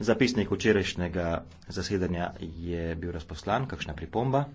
Zapisnik včerajšnjega zasedanja je bil razposlan, kakšna pripomba?